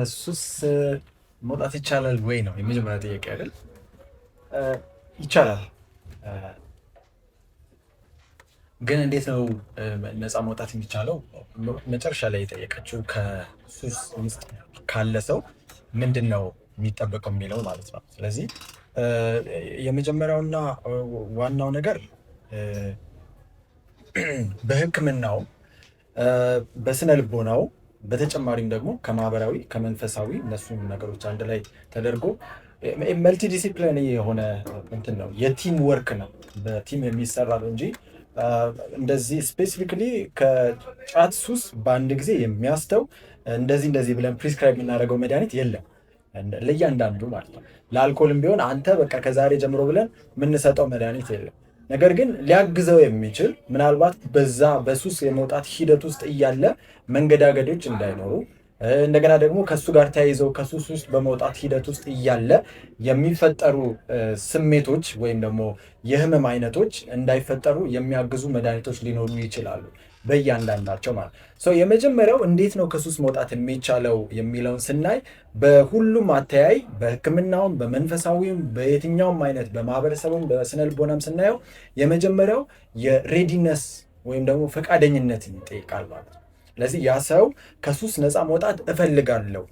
ከሱስ መውጣት ይቻላል ወይ ነው የመጀመሪያ ጥያቄ አይደል? ይቻላል፣ ግን እንዴት ነው ነፃ መውጣት የሚቻለው? መጨረሻ ላይ የጠየቀችው ከሱስ ውስጥ ካለ ሰው ምንድን ነው የሚጠበቀው የሚለው ማለት ነው። ስለዚህ የመጀመሪያውና ዋናው ነገር በሕክምናው በስነ ልቦናው በተጨማሪም ደግሞ ከማህበራዊ ከመንፈሳዊ እነሱም ነገሮች አንድ ላይ ተደርጎ መልቲ ዲሲፕሊን የሆነ እንትን ነው፣ የቲም ወርክ ነው። በቲም የሚሰራ ነው እንጂ እንደዚህ ስፔሲፊክሊ ከጫት ሱስ በአንድ ጊዜ የሚያስተው እንደዚህ እንደዚህ ብለን ፕሪስክራይብ የምናደርገው መድኃኒት የለም ለእያንዳንዱ ማለት ነው። ለአልኮልም ቢሆን አንተ በቃ ከዛሬ ጀምሮ ብለን የምንሰጠው መድኃኒት የለም። ነገር ግን ሊያግዘው የሚችል ምናልባት በዛ በሱስ የመውጣት ሂደት ውስጥ እያለ መንገዳገዶች እንዳይኖሩ እንደገና ደግሞ ከሱ ጋር ተያይዘው ከሱስ ውስጥ በመውጣት ሂደት ውስጥ እያለ የሚፈጠሩ ስሜቶች ወይም ደግሞ የህመም አይነቶች እንዳይፈጠሩ የሚያግዙ መድኃኒቶች ሊኖሩ ይችላሉ። በእያንዳንዳቸው ማለት ነው። የመጀመሪያው እንዴት ነው ከሱስ መውጣት የሚቻለው የሚለውን ስናይ በሁሉም አተያይ በሕክምናውም በመንፈሳዊም በየትኛውም አይነት በማህበረሰቡም በስነልቦናም ስናየው የመጀመሪያው የሬዲነስ ወይም ደግሞ ፈቃደኝነት ይጠይቃል ማለት ነው። ስለዚህ ያ ሰው ከሱስ ነፃ መውጣት እፈልጋለሁ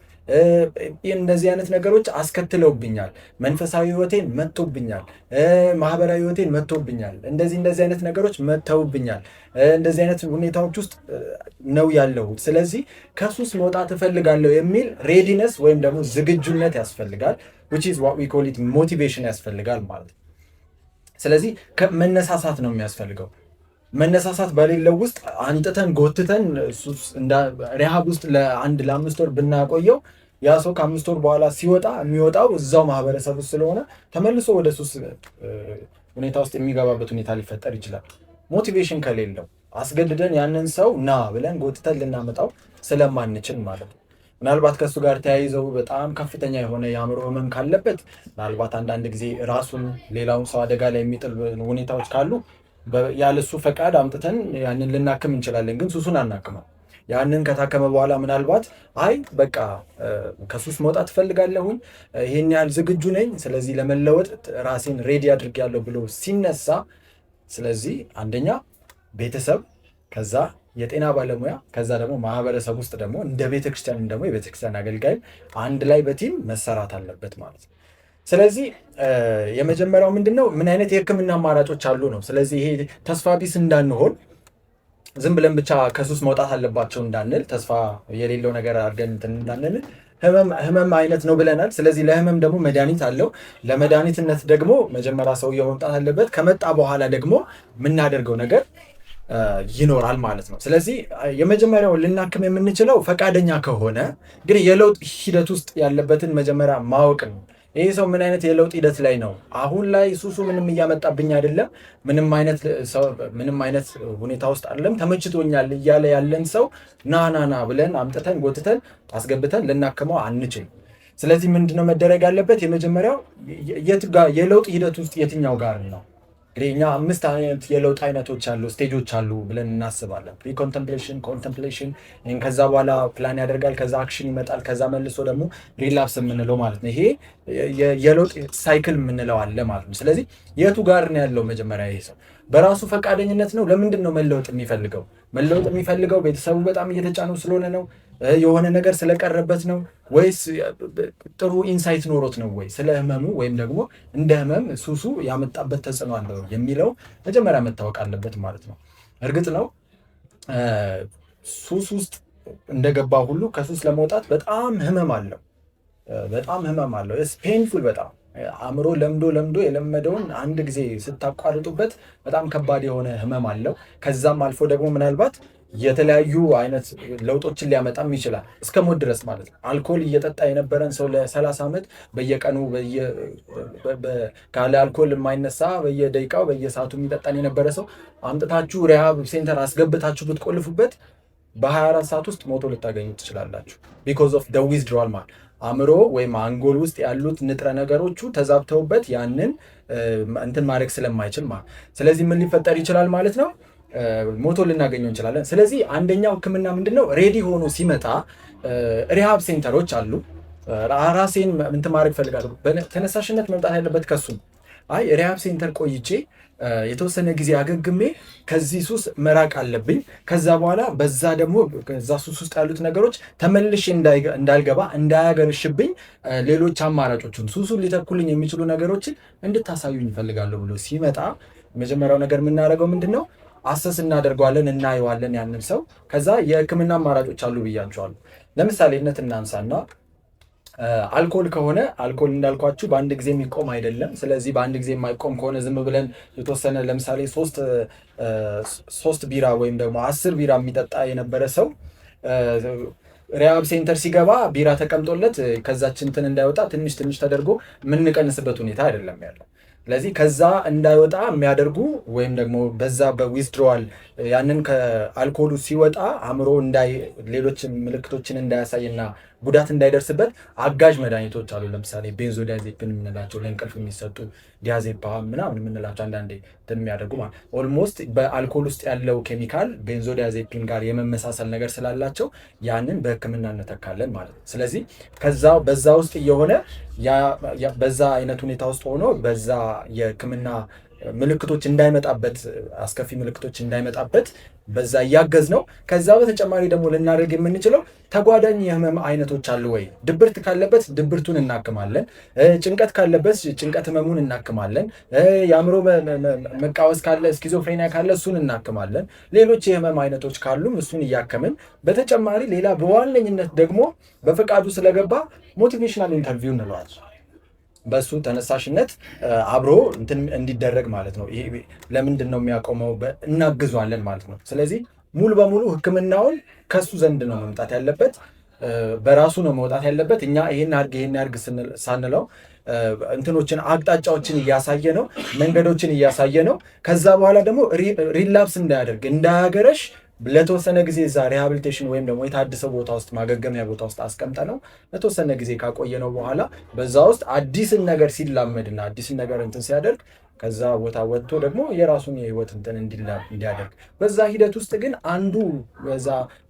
እንደዚህ አይነት ነገሮች አስከትለውብኛል፣ መንፈሳዊ ህይወቴን መጥቶብኛል፣ ማህበራዊ ህይወቴን መጥቶብኛል፣ እንደዚህ እንደዚህ አይነት ነገሮች መጥተውብኛል፣ እንደዚህ አይነት ሁኔታዎች ውስጥ ነው ያለሁት። ስለዚህ ከሱስ መውጣት እፈልጋለሁ የሚል ሬዲነስ ወይም ደግሞ ዝግጁነት ያስፈልጋል። ዊች ኢዝ ዋት ዊ ኮል ኢት ሞቲቬሽን ያስፈልጋል ማለት ነው። ስለዚህ መነሳሳት ነው የሚያስፈልገው። መነሳሳት በሌለው ውስጥ አንጥተን ጎትተን ሪሃብ ውስጥ ለአንድ ለአምስት ወር ብናቆየው ያ ሰው ከአምስት ወር በኋላ ሲወጣ የሚወጣው እዛው ማህበረሰብ ውስጥ ስለሆነ ተመልሶ ወደ ሱስ ሁኔታ ውስጥ የሚገባበት ሁኔታ ሊፈጠር ይችላል። ሞቲቬሽን ከሌለው አስገድደን ያንን ሰው ና ብለን ጎትተን ልናመጣው ስለማንችል ማለት ነው። ምናልባት ከእሱ ጋር ተያይዘው በጣም ከፍተኛ የሆነ የአእምሮ ህመም ካለበት ምናልባት አንዳንድ ጊዜ ራሱን ሌላውን ሰው አደጋ ላይ የሚጥል ሁኔታዎች ካሉ ያለሱ ፈቃድ አምጥተን ያንን ልናክም እንችላለን፣ ግን ሱሱን አናክመው። ያንን ከታከመ በኋላ ምናልባት አይ በቃ ከሱስ መውጣት እፈልጋለሁኝ፣ ይህን ያህል ዝግጁ ነኝ፣ ስለዚህ ለመለወጥ ራሴን ሬዲ አድርጌያለሁ ብሎ ሲነሳ፣ ስለዚህ አንደኛ ቤተሰብ፣ ከዛ የጤና ባለሙያ፣ ከዛ ደግሞ ማህበረሰብ ውስጥ ደግሞ እንደ ቤተክርስቲያን ደግሞ የቤተክርስቲያን አገልጋይ አንድ ላይ በቲም መሰራት አለበት ማለት ነው። ስለዚህ የመጀመሪያው ምንድን ነው? ምን አይነት የህክምና አማራጮች አሉ ነው። ስለዚህ ይሄ ተስፋ ቢስ እንዳንሆን ዝም ብለን ብቻ ከሱስ መውጣት አለባቸው እንዳንል፣ ተስፋ የሌለው ነገር አድርገን እንትን እንዳንል ህመም አይነት ነው ብለናል። ስለዚህ ለህመም ደግሞ መድኃኒት አለው። ለመድኃኒትነት ደግሞ መጀመሪያ ሰውየው መምጣት አለበት። ከመጣ በኋላ ደግሞ የምናደርገው ነገር ይኖራል ማለት ነው። ስለዚህ የመጀመሪያው ልናክም የምንችለው ፈቃደኛ ከሆነ እንግዲህ የለውጥ ሂደት ውስጥ ያለበትን መጀመሪያ ማወቅ ነው። ይህ ሰው ምን አይነት የለውጥ ሂደት ላይ ነው? አሁን ላይ ሱሱ ምንም እያመጣብኝ አይደለም፣ ምንም አይነት ሁኔታ ውስጥ አይደለም፣ ተመችቶኛል እያለ ያለን ሰው ናናና ብለን አምጥተን ጎትተን አስገብተን ልናክመው አንችል። ስለዚህ ምንድነው መደረግ ያለበት? የመጀመሪያው የለውጥ ሂደት ውስጥ የትኛው ጋር ነው እንግዲህ እኛ አምስት አይነት የለውጥ አይነቶች አሉ ስቴጆች አሉ ብለን እናስባለን። ፕሪ ኮንተምፕሌሽን፣ ኮንተምፕሌሽን፣ ከዛ በኋላ ፕላን ያደርጋል፣ ከዛ አክሽን ይመጣል፣ ከዛ መልሶ ደግሞ ሪላፕስ የምንለው ማለት ነው። ይሄ የለውጥ ሳይክል የምንለው አለ ማለት ነው። ስለዚህ የቱ ጋር ነው ያለው መጀመሪያ ይሄ ሰው በራሱ ፈቃደኝነት ነው። ለምንድን ነው መለወጥ የሚፈልገው? መለወጥ የሚፈልገው ቤተሰቡ በጣም እየተጫነው ስለሆነ ነው? የሆነ ነገር ስለቀረበት ነው? ወይስ ጥሩ ኢንሳይት ኖሮት ነው ወይ? ስለ ህመሙ ወይም ደግሞ እንደ ህመም ሱሱ ያመጣበት ተጽዕኖ አለው የሚለው መጀመሪያ መታወቅ አለበት ማለት ነው። እርግጥ ነው ሱስ ውስጥ እንደገባ ሁሉ ከሱስ ለመውጣት በጣም ህመም አለው። በጣም ህመም አለው። ፔንፉል በጣም አእምሮ ለምዶ ለምዶ የለመደውን አንድ ጊዜ ስታቋርጡበት በጣም ከባድ የሆነ ህመም አለው። ከዛም አልፎ ደግሞ ምናልባት የተለያዩ አይነት ለውጦችን ሊያመጣም ይችላል እስከ ሞት ድረስ ማለት ነው። አልኮል እየጠጣ የነበረን ሰው ለ30 ዓመት በየቀኑ ካለ አልኮል የማይነሳ በየደቂቃው በየሰዓቱ የሚጠጣን የነበረ ሰው አምጥታችሁ ሪሃብ ሴንተር አስገብታችሁ ብትቆልፉበት በ24 ሰዓት ውስጥ ሞቶ ልታገኙ ትችላላችሁ። ቢኮዝ ኦፍ ዊዝድሮዋል ማለት አእምሮ ወይም አንጎል ውስጥ ያሉት ንጥረ ነገሮቹ ተዛብተውበት ያንን እንትን ማድረግ ስለማይችል ማለት ስለዚህ ምን ሊፈጠር ይችላል ማለት ነው ሞቶ ልናገኘው እንችላለን። ስለዚህ አንደኛው ህክምና ምንድን ነው? ሬዲ ሆኖ ሲመጣ ሪሃብ ሴንተሮች አሉ። ራሴን እንትን ማድረግ እፈልጋለሁ፣ ተነሳሽነት መምጣት ያለበት ከሱ አይ ሪሃብ ሴንተር ቆይቼ የተወሰነ ጊዜ አገግሜ ከዚህ ሱስ መራቅ አለብኝ። ከዛ በኋላ በዛ ደግሞ ከዛ ሱስ ውስጥ ያሉት ነገሮች ተመልሼ እንዳልገባ እንዳያገረሽብኝ፣ ሌሎች አማራጮችን ሱሱን ሊተኩልኝ የሚችሉ ነገሮችን እንድታሳዩኝ ይፈልጋለሁ ብሎ ሲመጣ የመጀመሪያው ነገር የምናደርገው ምንድን ነው? አሰስ እናደርገዋለን፣ እናየዋለን ያንን ሰው። ከዛ የህክምና አማራጮች አሉ ብያቸዋሉ። ለምሳሌነት እናንሳና አልኮል ከሆነ አልኮል እንዳልኳችሁ በአንድ ጊዜ የሚቆም አይደለም። ስለዚህ በአንድ ጊዜ የማይቆም ከሆነ ዝም ብለን የተወሰነ ለምሳሌ ሶስት ቢራ ወይም ደግሞ አስር ቢራ የሚጠጣ የነበረ ሰው ሪያብ ሴንተር ሲገባ ቢራ ተቀምጦለት ከዛች እንትን እንዳይወጣ ትንሽ ትንሽ ተደርጎ የምንቀንስበት ሁኔታ አይደለም ያለው። ስለዚህ ከዛ እንዳይወጣ የሚያደርጉ ወይም ደግሞ በዛ በዊዝድሮዋል ያንን ከአልኮሉ ሲወጣ አእምሮ ሌሎች ምልክቶችን እንዳያሳይና ጉዳት እንዳይደርስበት አጋዥ መድኃኒቶች አሉ። ለምሳሌ ቤንዞ ዲያዜፒን የምንላቸው ለእንቅልፍ የሚሰጡ ዲያዜፓ ምናምን የምንላቸው አንዳንዴ የሚያደርጉ ማለት ኦልሞስት በአልኮል ውስጥ ያለው ኬሚካል ቤንዞ ዲያዜፒን ጋር የመመሳሰል ነገር ስላላቸው ያንን በህክምና እንተካለን ማለት ነው። ስለዚህ ከዛ በዛ ውስጥ እየሆነ በዛ አይነት ሁኔታ ውስጥ ሆኖ በዛ የህክምና ምልክቶች እንዳይመጣበት አስከፊ ምልክቶች እንዳይመጣበት በዛ እያገዝ ነው። ከዛ በተጨማሪ ደግሞ ልናደርግ የምንችለው ተጓዳኝ የህመም አይነቶች አሉ ወይ? ድብርት ካለበት ድብርቱን እናክማለን። ጭንቀት ካለበት ጭንቀት ህመሙን እናክማለን። የአእምሮ መቃወስ ካለ፣ ስኪዞፍሬኒያ ካለ እሱን እናክማለን። ሌሎች የህመም አይነቶች ካሉም እሱን እያከምን በተጨማሪ ሌላ በዋነኝነት ደግሞ በፈቃዱ ስለገባ ሞቲቬሽናል ኢንተርቪው እንለዋል በእሱ ተነሳሽነት አብሮ እንትን እንዲደረግ ማለት ነው። ይሄ ለምንድን ነው የሚያቆመው? እናግዟለን ማለት ነው። ስለዚህ ሙሉ በሙሉ ሕክምናውን ከሱ ዘንድ ነው መምጣት ያለበት፣ በራሱ ነው መውጣት ያለበት። እኛ ይሄን አድርግ ይሄን አድርግ ሳንለው እንትኖችን አቅጣጫዎችን እያሳየ ነው፣ መንገዶችን እያሳየ ነው። ከዛ በኋላ ደግሞ ሪላፕስ እንዳያደርግ እንዳያገረሽ ለተወሰነ ጊዜ እዛ ሪሃብሊቴሽን ወይም ደግሞ የታደሰው ቦታ ውስጥ ማገገሚያ ቦታ ውስጥ አስቀምጠ ነው ለተወሰነ ጊዜ ካቆየ ነው በኋላ በዛ ውስጥ አዲስን ነገር ሲላመድና አዲስን ነገር እንትን ሲያደርግ ከዛ ቦታ ወጥቶ ደግሞ የራሱን የህይወት እንትን እንዲያደርግ በዛ ሂደት ውስጥ ግን አንዱ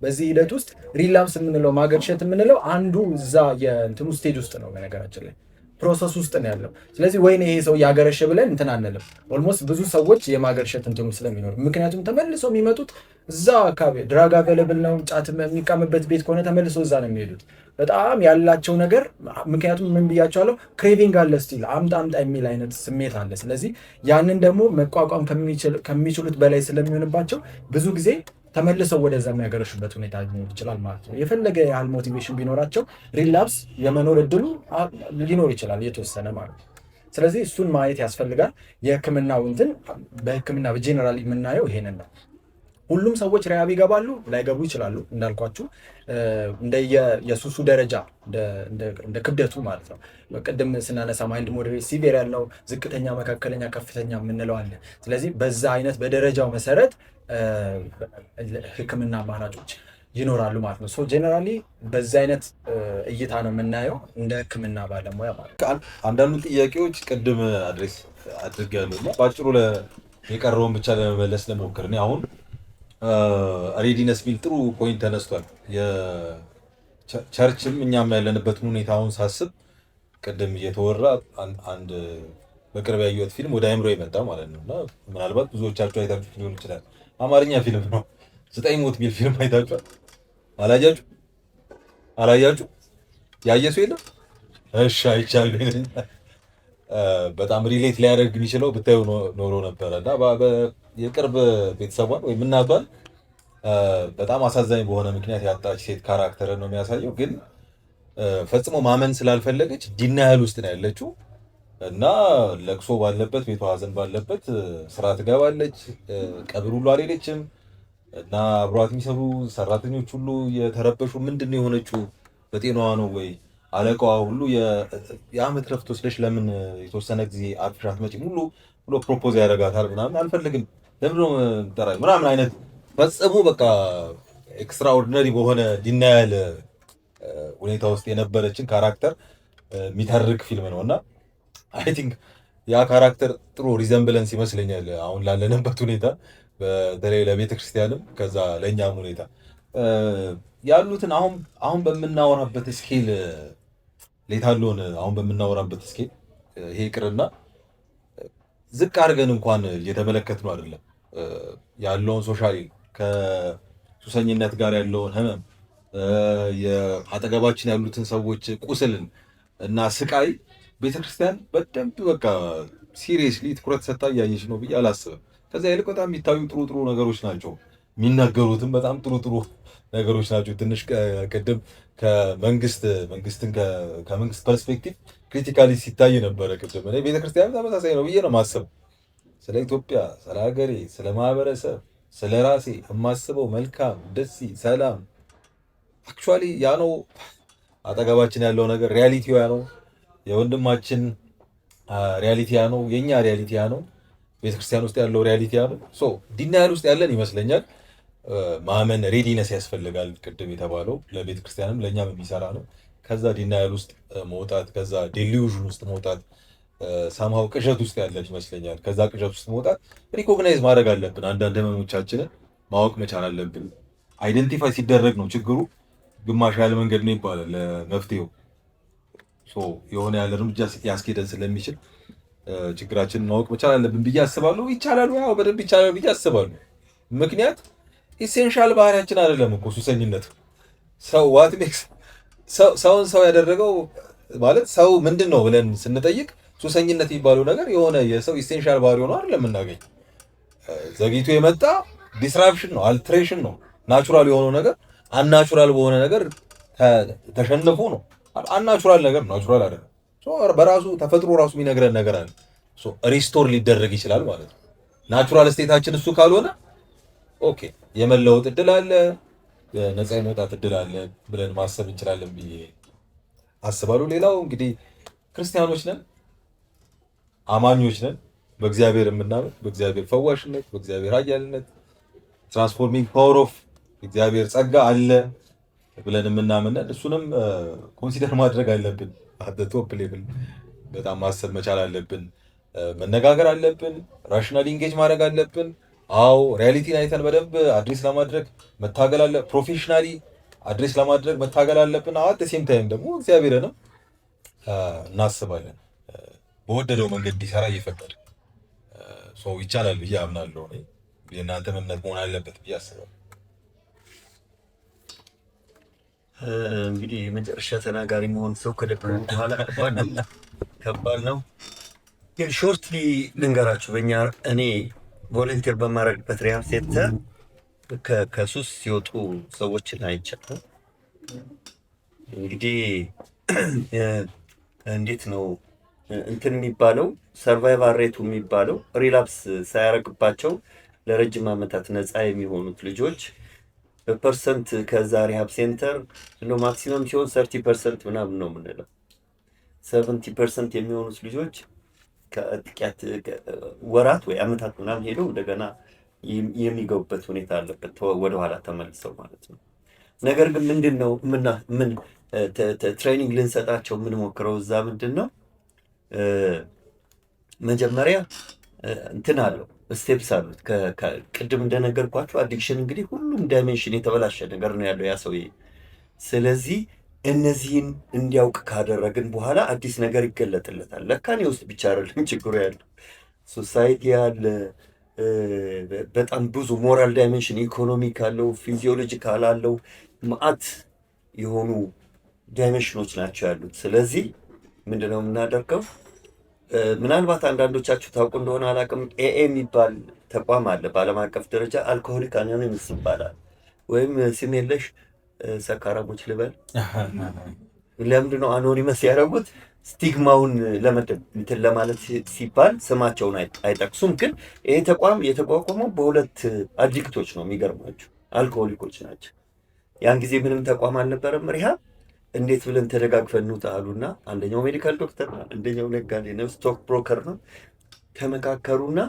በዚህ ሂደት ውስጥ ሪላምስ የምንለው ማገርሸት የምንለው አንዱ እዛ የእንትኑ ስቴጅ ውስጥ ነው በነገራችን ላይ ፕሮሰስ ውስጥ ነው ያለው። ስለዚህ ወይን ይሄ ሰው ያገረሸ ብለን እንትን አንልም። ኦልሞስት ብዙ ሰዎች የማገርሸት እንትኑ ስለሚኖር ምክንያቱም ተመልሰው የሚመጡት እዛ አካባቢ ድራግ አቬለብል ነው፣ ጫት የሚቃምበት ቤት ከሆነ ተመልሰው እዛ ነው የሚሄዱት። በጣም ያላቸው ነገር ምክንያቱም ምን ብያቸዋለሁ፣ ክሬቪንግ አለ ስቲል አምጣ አምጣ የሚል አይነት ስሜት አለ። ስለዚህ ያንን ደግሞ መቋቋም ከሚችሉት በላይ ስለሚሆንባቸው ብዙ ጊዜ ተመልሰው ወደዛ የሚያገረሹበት ሁኔታ ሊኖር ይችላል ማለት ነው። የፈለገ ያህል ሞቲቬሽን ቢኖራቸው ሪላፕስ የመኖር እድሉ ሊኖር ይችላል የተወሰነ ማለት ነው። ስለዚህ እሱን ማየት ያስፈልጋል። የህክምናው እንትን በህክምና በጄኔራል የምናየው ይሄንን ነው። ሁሉም ሰዎች ሪያብ ይገባሉ ላይገቡ ይችላሉ። እንዳልኳችሁ የሱሱ ደረጃ እንደ ክብደቱ ማለት ነው። ቅድም ስናነሳ ማይልድ ሞዴሬት ሲቪር ያለው ዝቅተኛ፣ መካከለኛ፣ ከፍተኛ የምንለው አለ። ስለዚህ በዛ አይነት በደረጃው መሰረት ህክምና አማራጮች ይኖራሉ ማለት ነው። ሶ ጀነራሊ በዛ አይነት እይታ ነው የምናየው እንደ ህክምና ባለሙያ ማለት ነው። አንዳንዱ ጥያቄዎች ቅድም አድሬስ አድርገን በአጭሩ የቀረውን ብቻ ለመመለስ ለሞክር አሁን ሬዲነስ uh, የሚል ጥሩ ፖይንት ተነስቷል። ቸርችም እኛም ያለንበትን ሁኔታውን ሳስብ ቅድም እየተወራ አንድ በቅርብ ያየሁት ፊልም ወደ አይምሮ የመጣ ማለት ነው እና ምናልባት ብዙዎቻችሁ አይታችሁ ሊሆን ይችላል። አማርኛ ፊልም ነው ዘጠኝ ሞት የሚል ፊልም አይታችኋል? አላያችሁ አላያችሁ? ሰው የለም እሺ፣ አይቻል uh, በጣም ሪሌት ሊያደርግ የሚችለው ብታዩ ኖሮ ነበረ እና የቅርብ ቤተሰቧን ወይም እናቷን በጣም አሳዛኝ በሆነ ምክንያት ያጣች ሴት ካራክተር ነው የሚያሳየው። ግን ፈጽሞ ማመን ስላልፈለገች ዲናያል ውስጥ ነው ያለችው እና ለቅሶ ባለበት ቤቷ ሀዘን ባለበት ስራ ትገባለች። ቀብር ሁሉ አልሄደችም እና አብሯት የሚሰሩ ሰራተኞች ሁሉ የተረበሹ ምንድን ነው የሆነችው? በጤናዋ ነው ወይ? አለቃዋ ሁሉ የአመት ረፍት ወስደሽ ለምን የተወሰነ ጊዜ አርፍሻት መጪም ሁሉ ብሎ ፕሮፖዝ ያደርጋታል ምናምን አልፈልግም ለምንድን ነው የምጠራኝ ምናምን አይነት ፈጽሞ በቃ ኤክስትራኦርዲነሪ በሆነ ዲናያል ሁኔታ ውስጥ የነበረችን ካራክተር የሚተርክ ፊልም ነው እና አይ ቲንክ ያ ካራክተር ጥሩ ሪዘምብለንስ ይመስለኛል አሁን ላለንበት ሁኔታ በተለይ ለቤተ ከዛ ለእኛም ሁኔታ ያሉትን አሁን አሁን በምናወራበት ስኬል ሌታለሆን አሁን በምናወራበት ስኬል ይሄ ይቅርና ዝቅ አድርገን እንኳን እየተመለከት ነው አይደለም ያለውን ሶሻሊ ከሱሰኝነት ጋር ያለውን ህመም አጠገባችን ያሉትን ሰዎች ቁስልን እና ስቃይ ቤተክርስቲያን በደንብ በቃ ሲሪየስሊ ትኩረት ሰጥታ እያየች ነው ብዬ አላስብም። ከዚያ ይልቅ በጣም የሚታዩ ጥሩ ጥሩ ነገሮች ናቸው የሚናገሩትም በጣም ጥሩ ጥሩ ነገሮች ናቸው። ትንሽ ቅድም ከመንግስት መንግስትን ከመንግስት ፐርስፔክቲቭ ክሪቲካሊ ሲታይ ነበረ። ቅድም እኔ ቤተክርስቲያን ተመሳሳይ ነው ብዬ ነው ማስብ። ስለ ኢትዮጵያ፣ ስለ ሀገሬ፣ ስለ ማህበረሰብ፣ ስለ ራሴ የማስበው መልካም፣ ደስ፣ ሰላም አክቹዋሊ ያ ነው አጠገባችን ያለው ነገር ሪያሊቲ ያ ነው። የወንድማችን ሪያሊቲ ያ ነው። የእኛ ሪያሊቲ ያ ነው። ቤተክርስቲያን ውስጥ ያለው ሪያሊቲ ያ ነው። ሶ ዲናያል ውስጥ ያለን ይመስለኛል ማመን ሬዲነስ ያስፈልጋል። ቅድም የተባለው ለቤተክርስቲያንም ለእኛም የሚሰራ ነው። ከዛ ዲናያል ውስጥ መውጣት ከዛ ዴሊዥን ውስጥ መውጣት ሳምሃው ቅዠት ውስጥ ያለች ይመስለኛል። ከዛ ቅዠት ውስጥ መውጣት ሪኮግናይዝ ማድረግ አለብን። አንዳንድ ህመሞቻችንን ማወቅ መቻል አለብን። አይደንቲፋይ ሲደረግ ነው ችግሩ ግማሽ ያለ መንገድ ነው ይባላል ለመፍትሄው የሆነ ያለ እርምጃ ያስኬደን ስለሚችል ችግራችንን ማወቅ መቻል አለብን ብዬ አስባለሁ። ይቻላሉ፣ ያው በደንብ ብዬ አስባለሁ። ምክንያት ኢሴንሻል ባህሪያችን አይደለም እኮ ሱሰኝነት ሰው ዋት ሜክስ ሰውን ሰው ያደረገው ማለት ሰው ምንድን ነው ብለን ስንጠይቅ ሱሰኝነት የሚባለው ነገር የሆነ የሰው ኢሴንሻል ባህሪ ሆኖ አይደለም የምናገኝ። ዘግይቶ የመጣ ዲስራፕሽን ነው፣ አልትሬሽን ነው። ናቹራል የሆነው ነገር አንናቹራል በሆነ ነገር ተሸንፎ ነው። አንናቹራል ነገር ናቹራል አይደለም። በራሱ ተፈጥሮ ራሱ የሚነግረን ነገር አለ። ሪስቶር ሊደረግ ይችላል ማለት ነው። ናቹራል ስቴታችን እሱ ካልሆነ ኦኬ የመለወጥ እድል አለ። ነፃ የመውጣት እድል አለ ብለን ማሰብ እንችላለን ብዬ አስባሉ። ሌላው እንግዲህ ክርስቲያኖች ነን፣ አማኞች ነን። በእግዚአብሔር የምናምን በእግዚአብሔር ፈዋሽነት፣ በእግዚአብሔር ኃያልነት ትራንስፎርሚንግ ፓወር ኦፍ እግዚአብሔር ጸጋ አለ ብለን የምናምነን እሱንም ኮንሲደር ማድረግ አለብን። ቶፕ በጣም ማሰብ መቻል አለብን። መነጋገር አለብን። ራሽናል ኢንጌጅ ማድረግ አለብን። አዎ ሪያሊቲን አይተን በደንብ አድሬስ ለማድረግ መታገል አለ ፕሮፌሽናሊ አድሬስ ለማድረግ መታገል አለብን። አት ሴም ታይም ደግሞ እግዚአብሔርንም እናስባለን በወደደው መንገድ እንዲሰራ እየፈቀድ ሰው ይቻላል ብዬ አምናለሁ። የእናንተ እምነት መሆን አለበት ብዬ አስባለሁ። እንግዲህ የመጨረሻ ተናጋሪ መሆን ሰው ከደበረን በኋላ ከባድ ነው፣ ግን ሾርትሊ ልንገራችሁ በእኛ እኔ ቮለንቲር በማድረግበት ሪያል ሴንተር ከሱስ ሲወጡ ሰዎችን አይቻልም። እንግዲህ እንዴት ነው እንትን የሚባለው ሰርቫይቫል ሬቱ የሚባለው ሪላፕስ ሳያረግባቸው ለረጅም ዓመታት ነፃ የሚሆኑት ልጆች በፐርሰንት ከዛ ሪሃብ ሴንተር እንደ ማክሲመም ሲሆን ሰርቲ ፐርሰንት ምናምን ነው የምንለው። ሰቨንቲ ፐርሰንት የሚሆኑት ልጆች ከጥቂያት ወራት ወይ አመታት ምናምን ሄደው እንደገና የሚገቡበት ሁኔታ አለበት፣ ወደኋላ ተመልሰው ማለት ነው። ነገር ግን ምንድን ነው ምን ትሬኒንግ ልንሰጣቸው የምንሞክረው እዛ ምንድን ነው መጀመሪያ እንትን አለው ስቴፕስ አሉት። ቅድም እንደነገርኳቸው አዲክሽን እንግዲህ ሁሉም ዳይሜንሽን የተበላሸ ነገር ነው ያለው ያ ሰውዬ ስለዚህ እነዚህን እንዲያውቅ ካደረግን በኋላ አዲስ ነገር ይገለጥለታል። ለካ እኔ ውስጥ ብቻ አይደለም ችግሩ ያለ ሶሳይቲ ያለ በጣም ብዙ ሞራል ዳይመንሽን፣ ኢኮኖሚ ካለው ፊዚዮሎጂ ካላለው ማአት የሆኑ ዳይመንሽኖች ናቸው ያሉት። ስለዚህ ምንድነው የምናደርገው? ምናልባት አንዳንዶቻችሁ ታውቁ እንደሆነ አላውቅም። ኤኤ የሚባል ተቋም አለ በዓለም አቀፍ ደረጃ አልኮሆሊክ አኖኒመስ ይባላል ወይም ስም የለሽ ሰካራሞች ልበል። ለምንድን ነው አኖኒመስ ያደረጉት? ስቲግማውን ለመደብ እንትን ለማለት ሲባል ስማቸውን አይጠቅሱም። ግን ይህ ተቋም የተቋቋመው በሁለት አዲክቶች ነው። የሚገርማችሁ አልኮሆሊኮች ናቸው። ያን ጊዜ ምንም ተቋም አልነበረም። ሪሃ እንዴት ብለን ተደጋግፈን እንውጣ አሉና አንደኛው ሜዲካል ዶክተር ነው፣ አንደኛው ነጋዴ ነው፣ ስቶክ ብሮከር ነው። ተመካከሩና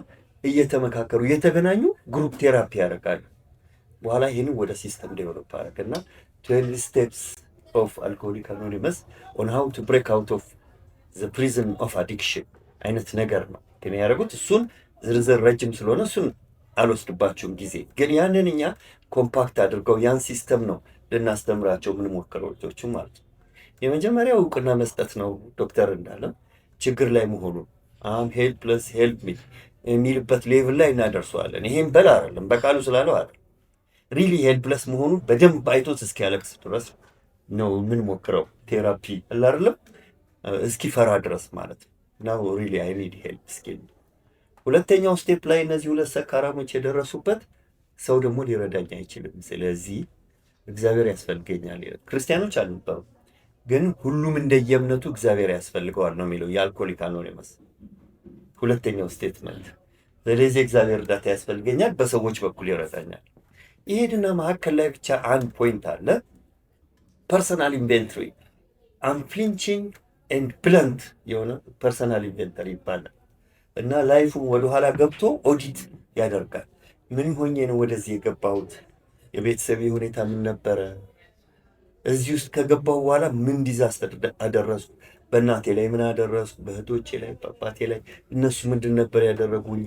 እየተመካከሩ እየተገናኙ ግሩፕ ቴራፒ ያደርጋሉ። በኋላ ይህንን ወደ ሲስተም ዴቨሎፕ አደረገ እና ትዌልቭ ስቴፕስ ኦፍ አልኮሆሊክ አኖኒመስ ኦን ሃው ቱ ብሬክ አውት ኦፍ ዘ ፕሪዝን ኦፍ አዲክሽን አይነት ነገር ነው ግን ያደረጉት። እሱን ዝርዝር ረጅም ስለሆነ እሱን አልወስድባችሁም ጊዜ። ግን ያንን እኛ ኮምፓክት አድርገው ያን ሲስተም ነው ልናስተምራቸው የምንሞክረው ልጆቹ ማለት ነው። የመጀመሪያው እውቅና መስጠት ነው። ዶክተር እንዳለም ችግር ላይ መሆኑን አም ሄልፕለስ ሄልፕ ሚ የሚልበት ሌቭል ላይ እናደርሰዋለን። ይሄን በል አይደለም በቃሉ ስላለው አይደለም ሪሊ ሄልፕለስ መሆኑ በደንብ አይቶት እስኪያለቅስ ድረስ ነው የምንሞክረው ቴራፒ አይደለም እስኪፈራ ድረስ ማለት ነው። ሪሊ አይ ኒድ ሄልፕ እስኪል ሁለተኛው ስቴፕ ላይ እነዚህ ሁለት ሰካራሞች የደረሱበት ሰው ደግሞ ሊረዳኝ አይችልም፣ ስለዚህ እግዚአብሔር ያስፈልገኛል። ክርስቲያኖች አልነበሩም፣ ግን ሁሉም እንደየእምነቱ እግዚአብሔር ያስፈልገዋል ነው የሚለው የአልኮሊክ አኖኒመስ ሁለተኛው ስቴትመንት። ስለዚህ እግዚአብሔር እርዳታ ያስፈልገኛል፣ በሰዎች በኩል ይረዳኛል። ይሄድና መካከል ላይ ብቻ አንድ ፖይንት አለ። ፐርሰናል ኢንቨንትሪ አንፍሊንቺንግ ኤንድ ብለንት የሆነ ፐርሰናል ኢንቨንተሪ ይባላል እና ላይፉን ወደኋላ ገብቶ ኦዲት ያደርጋል። ምን ሆኜ ነው ወደዚህ የገባሁት? የቤተሰብ ሁኔታ ምን ነበረ? እዚህ ውስጥ ከገባሁ በኋላ ምን ዲዛስተር አደረሱ? በእናቴ ላይ ምን አደረሱ? በእህቶቼ ላይ፣ በአባቴ ላይ እነሱ ምንድን ነበር ያደረጉኝ?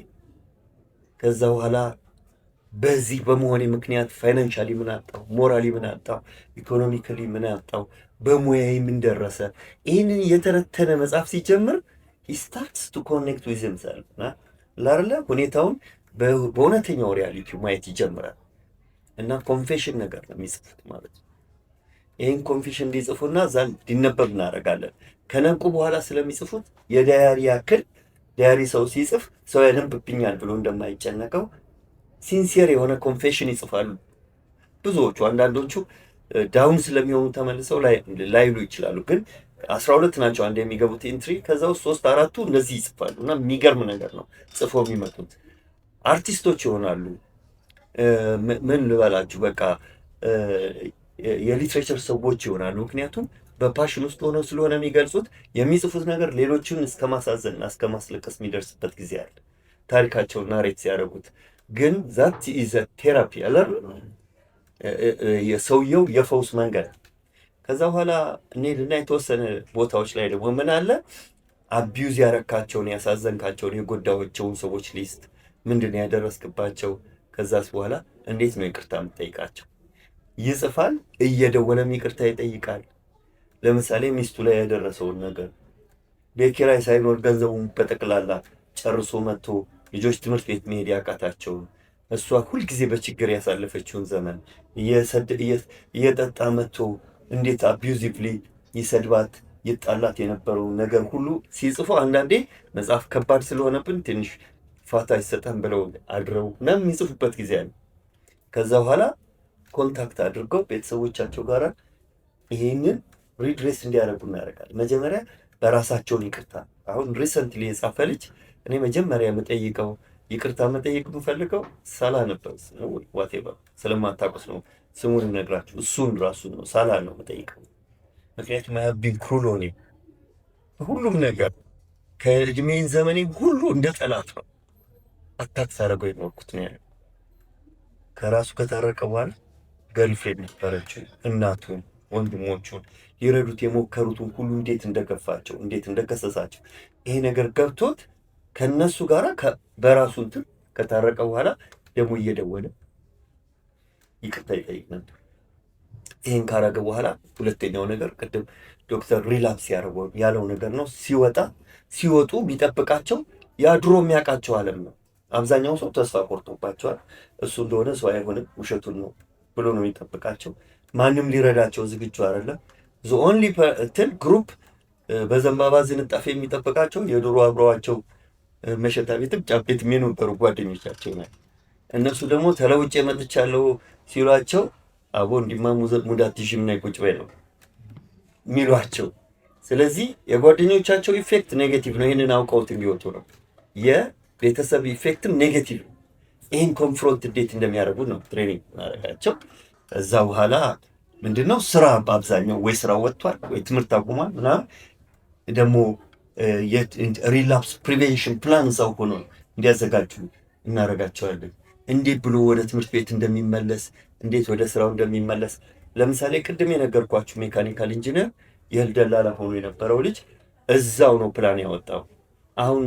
ከዛ በኋላ በዚህ በመሆኔ ምክንያት ፋይናንሻሊ ምን አጣው፣ ሞራሊ ምን አጣው፣ ኢኮኖሚካሊ ምን አጣው፣ በሙያዬ ምን ደረሰ። ይህንን የተረተነ መጽሐፍ ሲጀምር ስታርትስ ቱ ኮኔክት ዊዝ ሂምሰልፍ ላርለ ሁኔታውን በእውነተኛው ሪያሊቲ ማየት ይጀምራል እና ኮንፌሽን ነገር ነው የሚጽፉት ማለት ነው። ይህን ኮንፌሽን እንዲጽፉና እዛ እንዲነበብ እናደርጋለን። ከነቁ በኋላ ስለሚጽፉት የዳያሪ ያክል ዳያሪ ሰው ሲጽፍ ሰው ያነብብኛል ብሎ እንደማይጨነቀው ሲንሲየር የሆነ ኮንፌሽን ይጽፋሉ ብዙዎቹ። አንዳንዶቹ ዳውን ስለሚሆኑ ተመልሰው ላይሉ ይችላሉ። ግን አስራ ሁለት ናቸው አንድ የሚገቡት ኢንትሪ። ከዛ ውስጥ ሶስት አራቱ እነዚህ ይጽፋሉ እና የሚገርም ነገር ነው ጽፎ የሚመጡት አርቲስቶች ይሆናሉ። ምን ልበላችሁ በቃ የሊትሬቸር ሰዎች ይሆናሉ። ምክንያቱም በፓሽን ውስጥ ሆነው ስለሆነ የሚገልጹት የሚጽፉት ነገር ሌሎችን እስከ ማሳዘንና እስከ ማስለቀስ የሚደርስበት ጊዜ አለ። ታሪካቸውን ናሬት ሲያደርጉት ግን ዛት ኢዘ ቴራፒ አለር የሰውየው የፈውስ መንገድ። ከዛ በኋላ ልና የተወሰነ ቦታዎች ላይ ደግሞ ምን አለ አቢዩዝ ያረካቸውን ያሳዘንካቸውን የጎዳዎቸውን ሰዎች ሊስት ምንድን ያደረስክባቸው፣ ከዛስ በኋላ እንዴት ነው ይቅርታ ምጠይቃቸው? ይጽፋል። እየደወለም ይቅርታ ይጠይቃል። ለምሳሌ ሚስቱ ላይ ያደረሰውን ነገር ቤት ሳይኖር ገንዘቡን በጠቅላላ ጨርሶ መጥቶ ልጆች ትምህርት ቤት መሄድ ያቃታቸውን እሷ ሁልጊዜ በችግር ያሳለፈችውን ዘመን እየጠጣ መጥቶ እንዴት አቢዩዚቭሊ ይሰድባት ይጣላት የነበረው ነገር ሁሉ ሲጽፎ አንዳንዴ መጽሐፍ ከባድ ስለሆነብን ትንሽ ፋታ ይሰጠን ብለው አድረው እና የሚጽፉበት ጊዜ አለ። ከዛ በኋላ ኮንታክት አድርገው ቤተሰቦቻቸው ጋር ይሄንን ሪድሬስ እንዲያደርጉ ያደርጋል። መጀመሪያ በራሳቸውን ይቅርታ አሁን ሪሰንትሊ የጻፈ ልጅ እኔ መጀመሪያ የምጠይቀው ይቅርታ መጠየቅ የምፈልገው ሳላ ነበር ዋቴቨር ስለማታውቁት ነው ስሙን ነግራችሁ እሱን ራሱ ነው ሳላ ነው የምጠይቀው። ምክንያቱም ያቢን ክሩሎኒ ሁሉም ነገር ከእድሜን ዘመኔ ሁሉ እንደ ጠላት ነው አታክስ ሳረገው የኖርኩት ነው ያለው። ከራሱ ከታረቀ በኋላ ገልፌ ነበረች። እናቱን ወንድሞቹን ሊረዱት የሞከሩትን ሁሉ እንዴት እንደገፋቸው እንዴት እንደከሰሳቸው ይሄ ነገር ገብቶት ከነሱ ጋር በራሱ እንትን ከታረቀ በኋላ ደግሞ እየደወለ ይቅርታ ይጠይቅ ነበር። ይህን ካረገ በኋላ ሁለተኛው ነገር ቅድም ዶክተር ሪላፕስ ያለው ነገር ነው። ሲወጣ ሲወጡ ቢጠብቃቸው ያድሮ የሚያውቃቸው አለም ነው። አብዛኛው ሰው ተስፋ ቆርጦባቸዋል። እሱ እንደሆነ ሰው አይሆንም ውሸቱን ነው ብሎ ነው የሚጠብቃቸው። ማንም ሊረዳቸው ዝግጁ አይደለም። ኦንሊ እንትን ግሩፕ በዘንባባ ዝንጣፌ የሚጠብቃቸው የድሮ አብረዋቸው መሸታ ቤትም ጫት ቤትም የነበሩ ጓደኞቻቸው ናቸው። እነሱ ደግሞ ተለውጭ መጥቻለሁ ሲሏቸው አቦ እንዲማ ሙዳት ይሽም ናይ ቁጭ በይ ነው ሚሏቸው። ስለዚህ የጓደኞቻቸው ኢፌክት ኔጌቲቭ ነው። ይህንን አውቀውት እንዲወጡ ነው። የቤተሰብ ኢፌክትም ኔጌቲቭ ነው። ይህን ኮንፍሮንት እንዴት እንደሚያደርጉ ነው ትሬኒንግ ማድረጋቸው። እዛ በኋላ ምንድነው ስራ በአብዛኛው ወይ ስራ ወጥቷል ወይ ትምህርት አቁሟል ምናምን ደግሞ ሪላፕስ ፕሪቬንሽን ፕላን ሰው ሆኖ እንዲያዘጋጁ እናደርጋቸዋለን። እንዴት ብሎ ወደ ትምህርት ቤት እንደሚመለስ፣ እንዴት ወደ ስራው እንደሚመለስ። ለምሳሌ ቅድም የነገርኳችሁ ሜካኒካል ኢንጂነር የእህል ደላላ ሆኖ የነበረው ልጅ እዛው ነው ፕላን ያወጣው። አሁን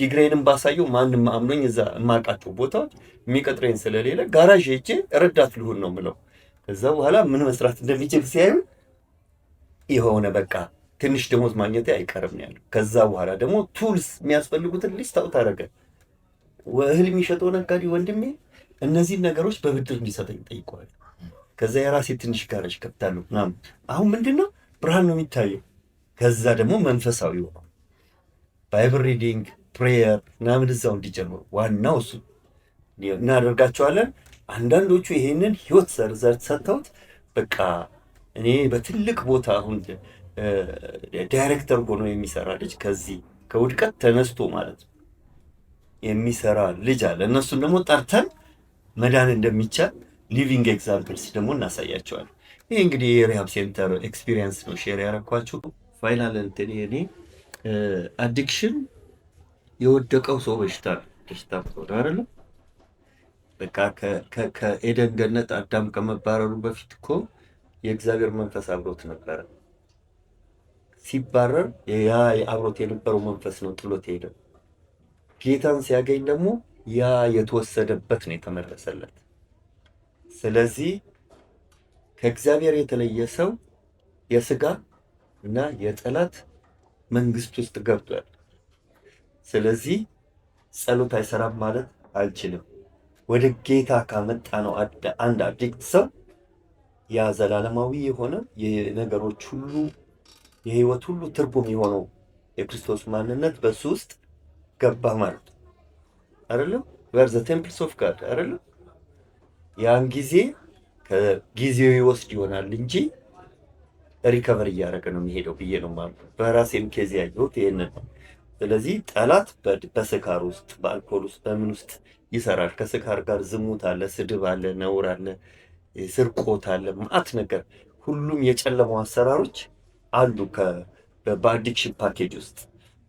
ዲግሬንም ባሳየው ማንም አምኖኝ እዛ የማውቃቸው ቦታዎች የሚቀጥረኝ ስለሌለ ጋራዥ ሄጄ ረዳት ልሁን ነው ምለው። ከዛ በኋላ ምን መስራት እንደሚችል ሲያዩ የሆነ በቃ ትንሽ ደሞዝ ማግኘት አይቀርም ያለ። ከዛ በኋላ ደግሞ ቱልስ የሚያስፈልጉትን ሊስታው ታደረገ። እህል የሚሸጠው ነጋዴ ወንድሜ እነዚህን ነገሮች በብድር እንዲሰጠኝ ጠይቀዋል። ከዛ የራሴ ትንሽ ጋራጅ ከፍታለሁ ምናምን። አሁን ምንድነው ብርሃን ነው የሚታየው። ከዛ ደግሞ መንፈሳዊ ሆነ ባይብል ሪዲንግ፣ ፕሬየር ምናምን እዛው እንዲጀምሩ ዋናው እሱ እናደርጋቸዋለን። አንዳንዶቹ ይሄንን ህይወት ዘርዘር ሰጥተውት በቃ እኔ በትልቅ ቦታ አሁን ዳይሬክተር ሆኖ የሚሰራ ልጅ ከዚህ ከውድቀት ተነስቶ ማለት ነው የሚሰራ ልጅ አለ። እነሱን ደግሞ ጠርተን መዳን እንደሚቻል ሊቪንግ ኤግዛምፕልስ ደግሞ እናሳያቸዋለን። ይህ እንግዲህ የሪሃብ ሴንተር ኤክስፒሪየንስ ነው ሼር ያረኳቸው ፋይናል እንትን እኔ አዲክሽን የወደቀው ሰው በሽታ በሽታ ሆነ በቃ ከኤደን ገነት አዳም ከመባረሩ በፊት እኮ የእግዚአብሔር መንፈስ አብሮት ነበረ። ሲባረር ያ አብሮት የነበረው መንፈስ ነው ጥሎት ሄደ። ጌታን ሲያገኝ ደግሞ ያ የተወሰደበት ነው የተመለሰለት። ስለዚህ ከእግዚአብሔር የተለየ ሰው የስጋ እና የጠላት መንግስት ውስጥ ገብቷል። ስለዚህ ጸሎት አይሰራም ማለት አልችልም። ወደ ጌታ ካመጣ ነው አንድ አብጀክት ሰው ያ ዘላለማዊ የሆነ የነገሮች ሁሉ የህይወት ሁሉ ትርጉም የሆነው የክርስቶስ ማንነት በእሱ ውስጥ ገባ ማለት አይደለም ወር ዘ ቴምፕልስ ኦፍ ጋድ አይደለም። ያን ጊዜ ከጊዜው ይወስድ ይሆናል እንጂ ሪከቨር እያደረገ ነው የሚሄደው ብዬ ነው ማለት ነው። በራሴም ኬዝ ያየሁት ይህንን ነው። ስለዚህ ጠላት በስካር ውስጥ በአልኮል ውስጥ በምን ውስጥ ይሰራል። ከስካር ጋር ዝሙት አለ፣ ስድብ አለ፣ ነውር አለ፣ ስርቆት አለ፣ ማአት ነገር ሁሉም የጨለመው አሰራሮች አሉ በአዲክሽን ፓኬጅ ውስጥ።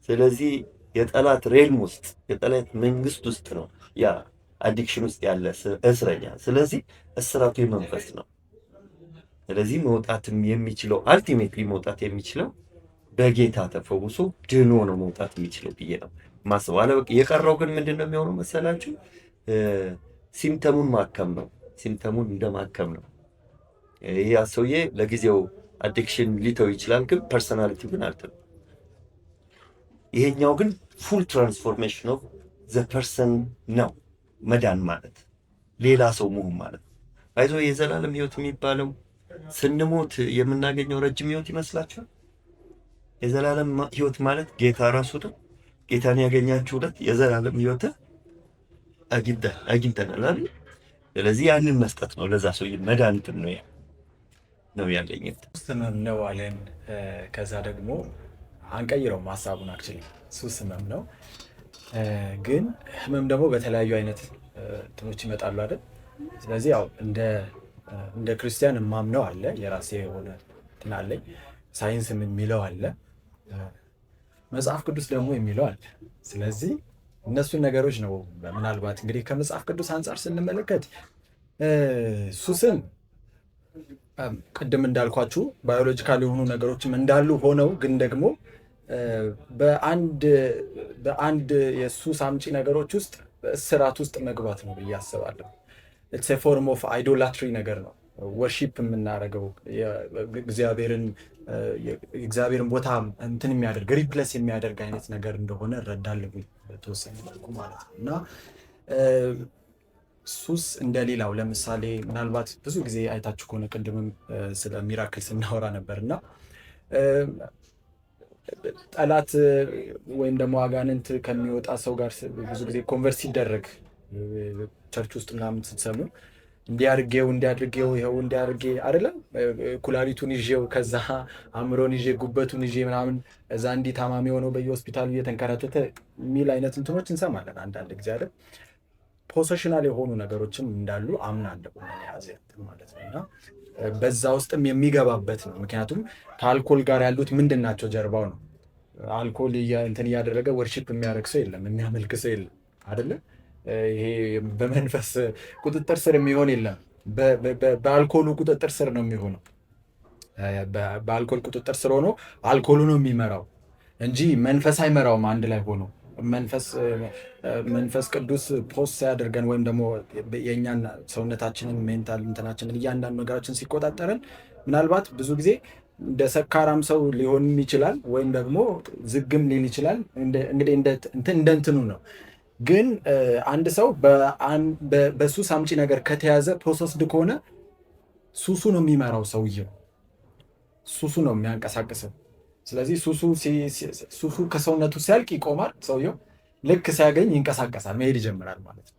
ስለዚህ የጠላት ሬልም ውስጥ የጠላት መንግስት ውስጥ ነው ያ አዲክሽን ውስጥ ያለ እስረኛ። ስለዚህ እስራቱ የመንፈስ ነው። ስለዚህ መውጣትም የሚችለው አልቲሜትሊ መውጣት የሚችለው በጌታ ተፈውሶ ድኖ ነው መውጣት የሚችለው ብዬ ነው ማስበው። አለ የቀረው ግን ምንድን ነው የሚሆነው መሰላችሁ? ሲምተሙን ማከም ነው። ሲምተሙን እንደማከም ነው። ይህ ሰውዬ ለጊዜው አዲክሽን ሊተው ይችላል፣ ግን ፐርሰናሊቲ ግን አልተው። ይሄኛው ግን ፉል ትራንስፎርሜሽን ኦፍ ዘ ፐርሰን ነው። መዳን ማለት ሌላ ሰው መሆን ማለት ነው። አይዞ የዘላለም ህይወት የሚባለው ስንሞት የምናገኘው ረጅም ህይወት ይመስላችኋል? የዘላለም ህይወት ማለት ጌታ ራሱ ነው። ጌታን ያገኛችሁ ዕለት የዘላለም ህይወት አግኝተናል አይደል? ስለዚህ ያንን መስጠት ነው ለዛ ሰው መድኃኒት ነው ያ ነው ያለኝ። ስምም ነው አለን። ከዛ ደግሞ አንቀይረውም ሀሳቡን አክቹዋሊ እሱ ስምም ነው። ግን ህመም ደግሞ በተለያዩ አይነት እንትኖች ይመጣሉ አይደል? ስለዚህ ያው እንደ ክርስቲያን የማምነው አለ፣ የራሴ የሆነ እንትን አለኝ። ሳይንስም የሚለው አለ፣ መጽሐፍ ቅዱስ ደግሞ የሚለው አለ። ስለዚህ እነሱን ነገሮች ነው ምናልባት እንግዲህ ከመጽሐፍ ቅዱስ አንጻር ስንመለከት ሱስን ቅድም እንዳልኳችሁ ባዮሎጂካል የሆኑ ነገሮችም እንዳሉ ሆነው ግን ደግሞ በአንድ የሱስ አምጪ ነገሮች ውስጥ እስራት ውስጥ መግባት ነው ብዬ አስባለሁ። ኢትስ ፎርም ኦፍ አይዶላትሪ ነገር ነው። ወርሺፕ የምናደርገው እግዚአብሔርን ቦታ እንትን የሚያደርግ ሪፕለስ የሚያደርግ አይነት ነገር እንደሆነ እረዳለሁ፣ ተወሰነ መልኩ ማለት ነው እና ሱስ እንደሌላው ለምሳሌ ምናልባት ብዙ ጊዜ አይታችሁ ከሆነ ቅድምም ስለ ሚራክል ስናወራ ነበር እና ጠላት ወይም ደግሞ አጋንንት ከሚወጣ ሰው ጋር ብዙ ጊዜ ኮንቨርስ ሲደረግ ቸርች ውስጥ ምናምን ስትሰሙ እንዲያርጌው እንዲያድርጌው ይኸው እንዲያርጌ አይደለም ኩላሊቱን ይዤው ከዛ አእምሮን ይዤ ጉበቱን ይዤ ምናምን እዛ እንዲህ ታማሚ የሆነው በየሆስፒታሉ እየተንከራተተ የሚል አይነት እንትኖች እንሰማለን አንዳንድ ጊዜ አይደል ፖሰሽናል የሆኑ ነገሮችም እንዳሉ አምናለሁ የያዘ ማለት ነው እና በዛ ውስጥም የሚገባበት ነው። ምክንያቱም ከአልኮል ጋር ያሉት ምንድን ናቸው? ጀርባው ነው። አልኮል እንትን እያደረገ ወርሺፕ የሚያደርግ ሰው የለም፣ የሚያመልክ ሰው የለም። አይደለ? ይሄ በመንፈስ ቁጥጥር ስር የሚሆን የለም። በአልኮሉ ቁጥጥር ስር ነው የሚሆነው። በአልኮል ቁጥጥር ስር ሆኖ አልኮሉ ነው የሚመራው እንጂ መንፈስ አይመራውም አንድ ላይ ሆኖ መንፈስ ቅዱስ ፖስት ሳያደርገን ወይም ደግሞ የእኛን ሰውነታችንን ሜንታል እንትናችንን እያንዳንዱ ነገራችን ሲቆጣጠረን ምናልባት ብዙ ጊዜ እንደ ሰካራም ሰው ሊሆንም ይችላል፣ ወይም ደግሞ ዝግም ሊል ይችላል። እንግዲህ እንደ እንትኑ ነው። ግን አንድ ሰው በሱስ አምጪ ነገር ከተያዘ ፕሮሰስድ ከሆነ ሱሱ ነው የሚመራው ሰውየው፣ ሱሱ ነው የሚያንቀሳቅሰው። ስለዚህ ሱሱ ከሰውነቱ ሲያልቅ ይቆማል። ሰውየው ልክ ሲያገኝ ይንቀሳቀሳል፣ መሄድ ይጀምራል ማለት ነው።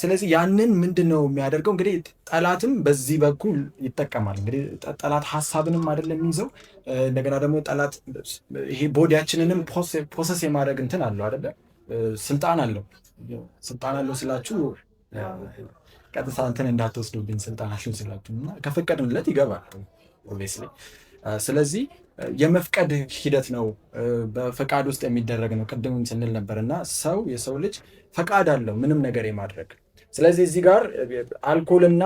ስለዚህ ያንን ምንድን ነው የሚያደርገው? እንግዲህ ጠላትም በዚህ በኩል ይጠቀማል። እንግዲህ ጠላት ሀሳብንም አይደለም የሚይዘው፣ እንደገና ደግሞ ጠላት ይሄ ቦዲያችንንም ፖሰስ የማድረግ እንትን አለው አይደለ? ስልጣን አለው። ስልጣን አለው ስላችሁ ቀጥታ እንትን እንዳትወስዱብኝ፣ ስልጣናችሁን ስላችሁ ከፈቀድንለት ይገባል ኦብቪየስሊ ስለዚህ የመፍቀድ ሂደት ነው፣ በፈቃድ ውስጥ የሚደረግ ነው። ቅድም ስንል ነበር እና ሰው የሰው ልጅ ፈቃድ አለው ምንም ነገር የማድረግ ስለዚህ እዚህ ጋር አልኮልና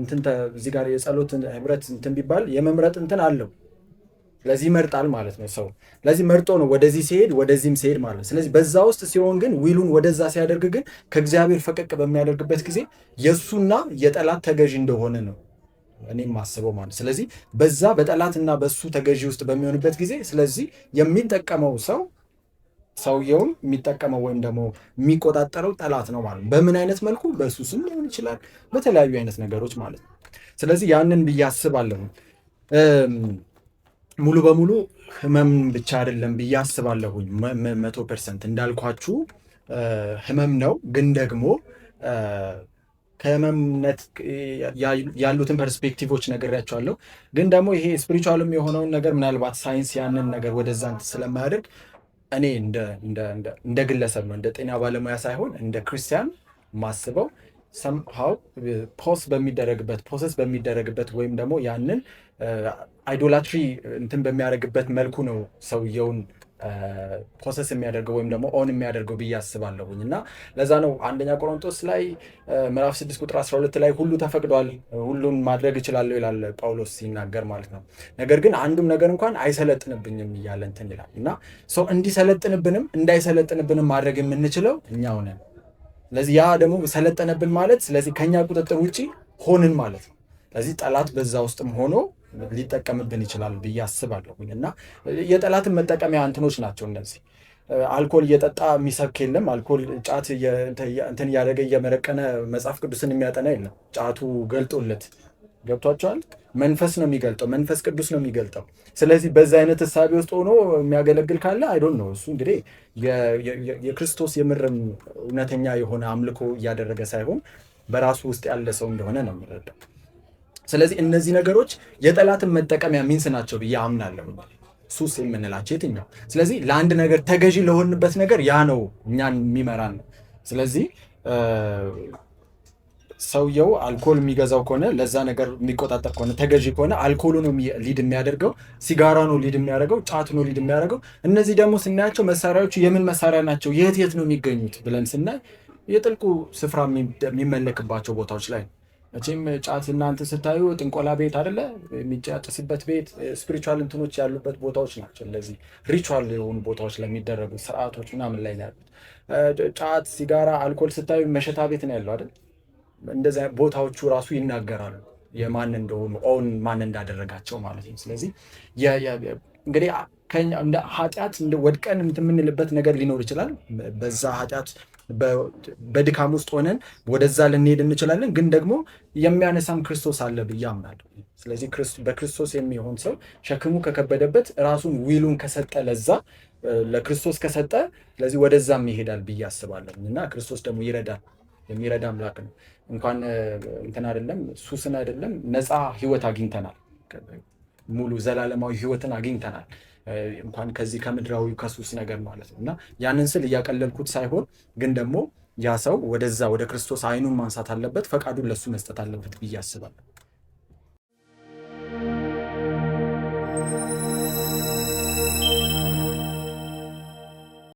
እንትን እዚህ ጋር የጸሎት ህብረት እንትን ቢባል የመምረጥ እንትን አለው። ስለዚህ ይመርጣል ማለት ነው ሰው። ስለዚህ መርጦ ነው ወደዚህ ሲሄድ ወደዚህም ሲሄድ ማለት ነው። ስለዚህ በዛ ውስጥ ሲሆን ግን ዊሉን ወደዛ ሲያደርግ ግን ከእግዚአብሔር ፈቀቅ በሚያደርግበት ጊዜ የእሱና የጠላት ተገዥ እንደሆነ ነው እኔም ማስበው ማለት ስለዚህ በዛ በጠላትና በሱ ተገዢ ውስጥ በሚሆንበት ጊዜ ስለዚህ የሚጠቀመው ሰው ሰውየውን የሚጠቀመው ወይም ደግሞ የሚቆጣጠረው ጠላት ነው ማለት ነው። በምን አይነት መልኩ በሱስም ሊሆን ይችላል፣ በተለያዩ አይነት ነገሮች ማለት ነው። ስለዚህ ያንን ብዬ አስባለሁ። ሙሉ በሙሉ ህመም ብቻ አይደለም ብዬ አስባለሁኝ። መቶ ፐርሰንት እንዳልኳችሁ ህመም ነው ግን ደግሞ ከህመምነት ያሉትን ፐርስፔክቲቮች ነግሬያቸዋለሁ። ግን ደግሞ ይሄ ስፒሪቹዋልም የሆነውን ነገር ምናልባት ሳይንስ ያንን ነገር ወደዛ እንትን ስለማያደርግ እኔ እንደ ግለሰብ ነው እንደ ጤና ባለሙያ ሳይሆን እንደ ክርስቲያን ማስበው ሰምሃው ፖስ በሚደረግበት ፕሮሰስ በሚደረግበት ወይም ደግሞ ያንን አይዶላትሪ uh, እንትን በሚያደርግበት መልኩ ነው ሰውየውን ፕሮሰስ የሚያደርገው ወይም ደግሞ ኦን የሚያደርገው ብዬ አስባለሁኝ እና ለዛ ነው አንደኛ ቆሮንቶስ ላይ ምዕራፍ 6 ቁጥር 12 ላይ ሁሉ ተፈቅዷል፣ ሁሉን ማድረግ እችላለሁ ይላል ጳውሎስ ሲናገር ማለት ነው። ነገር ግን አንዱም ነገር እንኳን አይሰለጥንብኝም እያለ እንትን ይላል እና ሰው እንዲሰለጥንብንም እንዳይሰለጥንብንም ማድረግ የምንችለው እኛው ነን። ስለዚህ ያ ደግሞ ሰለጠነብን ማለት ስለዚህ ከኛ ቁጥጥር ውጭ ሆንን ማለት ነው። ስለዚህ ጠላት በዛ ውስጥም ሆኖ ሊጠቀምብን ይችላል ብዬ አስባለሁ። እና የጠላትን መጠቀሚያ እንትኖች ናቸው እነዚህ። አልኮል እየጠጣ የሚሰብክ የለም። አልኮል ጫት እንትን እያደረገ እየመረቀነ መጽሐፍ ቅዱስን የሚያጠና የለም። ጫቱ ገልጦለት ገብቷቸዋል። መንፈስ ነው የሚገልጠው፣ መንፈስ ቅዱስ ነው የሚገልጠው። ስለዚህ በዛ አይነት እሳቤ ውስጥ ሆኖ የሚያገለግል ካለ አይዶን ነው እሱ እንግዲህ የክርስቶስ የምርም እውነተኛ የሆነ አምልኮ እያደረገ ሳይሆን በራሱ ውስጥ ያለ ሰው እንደሆነ ነው የሚረዳው። ስለዚህ እነዚህ ነገሮች የጠላትን መጠቀሚያ ሚንስ ናቸው ብዬ አምናለሁ። ሱስ የምንላቸው የትኛው። ስለዚህ ለአንድ ነገር ተገዢ ለሆንበት ነገር ያ ነው እኛን የሚመራን ነው። ስለዚህ ሰውየው አልኮል የሚገዛው ከሆነ ለዛ ነገር የሚቆጣጠር ከሆነ ተገዢ ከሆነ አልኮሉ ነው ሊድ የሚያደርገው፣ ሲጋራ ነው ሊድ የሚያደርገው፣ ጫት ነው ሊድ የሚያደርገው። እነዚህ ደግሞ ስናያቸው መሳሪያዎቹ የምን መሳሪያ ናቸው? የት የት ነው የሚገኙት ብለን ስናይ የጥልቁ ስፍራ የሚመለክባቸው ቦታዎች ላይ ነው። መቼም ጫት እናንተ ስታዩ ጥንቆላ ቤት አደለ የሚጫጭስበት ቤት ስፒሪቹዋል እንትኖች ያሉበት ቦታዎች ናቸው። እንደዚህ ሪቹዋል የሆኑ ቦታዎች ለሚደረጉ ስርዓቶች ምናምን ላይ ያሉት ጫት፣ ሲጋራ፣ አልኮል ስታዩ መሸታ ቤት ነው ያለው አደል። እንደዚ ቦታዎቹ ራሱ ይናገራሉ የማን እንደሆኑ ኦን ማን እንዳደረጋቸው ማለት ነው። ስለዚህ እንግዲህ እንደ ኃጢአት ወድቀን የምንልበት ነገር ሊኖር ይችላል። በዛ ኃጢአት በድካም ውስጥ ሆነን ወደዛ ልንሄድ እንችላለን። ግን ደግሞ የሚያነሳም ክርስቶስ አለ ብዬ አምናለሁ። ስለዚህ በክርስቶስ የሚሆን ሰው ሸክሙ ከከበደበት ራሱን ዊሉን ከሰጠ ለዛ ለክርስቶስ ከሰጠ ስለዚህ ወደዛም ይሄዳል ብዬ አስባለሁ እና ክርስቶስ ደግሞ ይረዳል። የሚረዳ አምላክ ነው። እንኳን እንትን አይደለም ሱስን አይደለም ነፃ ህይወት አግኝተናል። ሙሉ ዘላለማዊ ህይወትን አግኝተናል። እንኳን ከዚህ ከምድራዊ ከሱስ ነገር ማለት ነው እና ያንን ስል እያቀለልኩት ሳይሆን ግን ደግሞ ያ ሰው ወደዛ ወደ ክርስቶስ አይኑን ማንሳት አለበት፣ ፈቃዱን ለሱ መስጠት አለበት ብዬ አስባለሁ።